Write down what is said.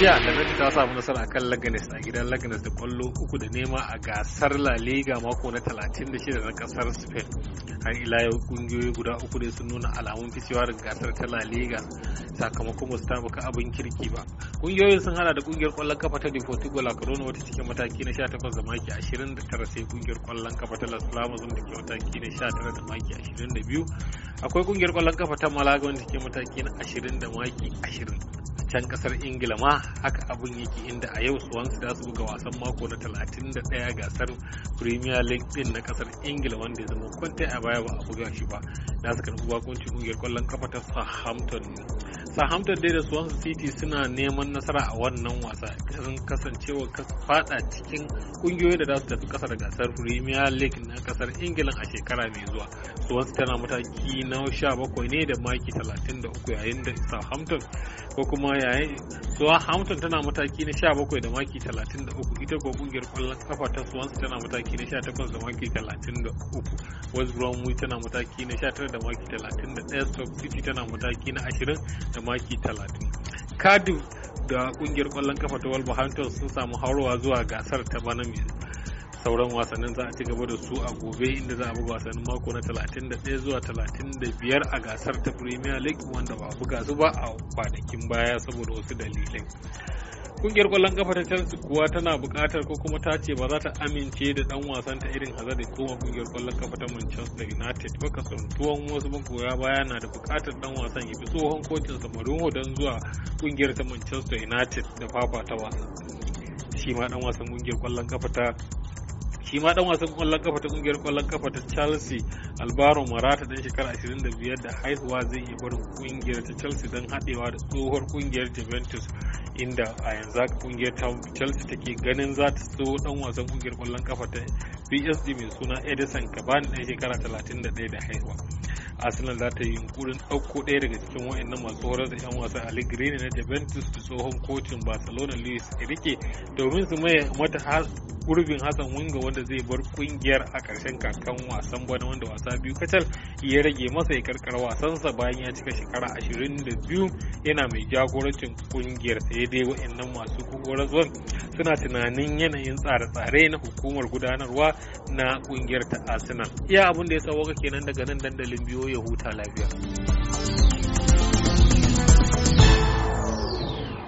jiya Atlanta ta samu nasara kan Leganes a gidan Leganes da kwallo uku da nema a gasar La Liga mako na 36 na kasar Spain. Har ila yau kungiyoyi guda uku da sun nuna alamun ficewa daga gasar ta La Liga sakamakon ba su ka abin kirki ba. Kungiyoyin sun hada da kungiyar kwallon kafa ta Deportivo La Corona wata cikin mataki na 18 da maki 29 sai kungiyar kwallon kafa ta Las Palmas da ke mataki na 19 da maki 22. Akwai kungiyar kwallon kafa ta Malaga wanda ke mataki na 20 da maki 20. can kasar ingila ma haka abun yake inda a yau swans za su buga wasan mako na 31 gasar premier league din na kasar ingila wanda ya zama kwanta a baya ba a buga shi ba na su karbi bakuncin kungiyar kwallon kafa ta southampton Southampton dai da Swansea City suna neman nasara a wannan wasa irin kasancewa fada cikin kungiyoyi da za su tafi kasar gasar Premier League na kasar Ingila a shekara mai zuwa. Swansea tana mataki na 17 ne da maki 33 yayin da Southampton ko kuma yayin kasuwa hamilton tana mataki na 17 da maki 33 ita kuwa kungiyar kwallon kafa ta swans tana mataki na 18 da maki 33 West Bromwich tana mataki na 19 da maki 31 Stoke City tana mataki na 20 da maki 30 Cardiff da kungiyar kwallon kafa ta Wolverhampton sun samu haurowa zuwa gasar ta bana mai sauran wasannin za a ci gaba da su a gobe inda za a buga wasannin mako na 31 zuwa 35 a gasar ta premier league wanda ba a buga su ba a kwanakin baya saboda wasu dalilin. kungiyar kwallon kafa ta chelsea kuwa tana bukatar ko kuma ta ce ba za ta amince da dan wasan ta irin hazard koma kungiyar kwallon kafa ta manchester united ba tuwon wasu magoya baya na da bukatar dan wasan ya fi tsohon kocin samariho don zuwa kungiyar ta manchester united da fafa ta wasa shi ma dan wasan kungiyar kwallon kafa ta shi ma dan wasan kwallon kafa ta kungiyar kwallon kafa ta Chelsea Alvaro Morata dan shekara 25 da haihuwa zai iya barin kungiyar ta Chelsea don haɗewa da tsohuwar kungiyar Juventus inda a yanzu haka kungiyar ta Chelsea take ganin za ta so dan wasan kungiyar kwallon kafa ta PSG mai suna Edison Cavani dan shekara 31 da haihuwa arsenal za ta yi yunkurin ɗauko ɗaya daga cikin waɗannan masu horar da 'yan wasa allegri na juventus da tsohon kocin barcelona luis enrique domin su maye mata gurbin Hassan Winga wanda zai bar kungiyar a ƙarshen kakan wasan bana wanda wasa biyu kacal ya rage masa ya karkar wasansa bayan ya cika shekara ashirin da biyu yana mai jagorancin kungiyar sai dai wa'annan masu zuwa suna tunanin yanayin tsare-tsare na hukumar gudanarwa na kungiyar ta Arsenal. Iya abin da ya sauwaka kenan daga nan dandalin biyo ya huta lafiya.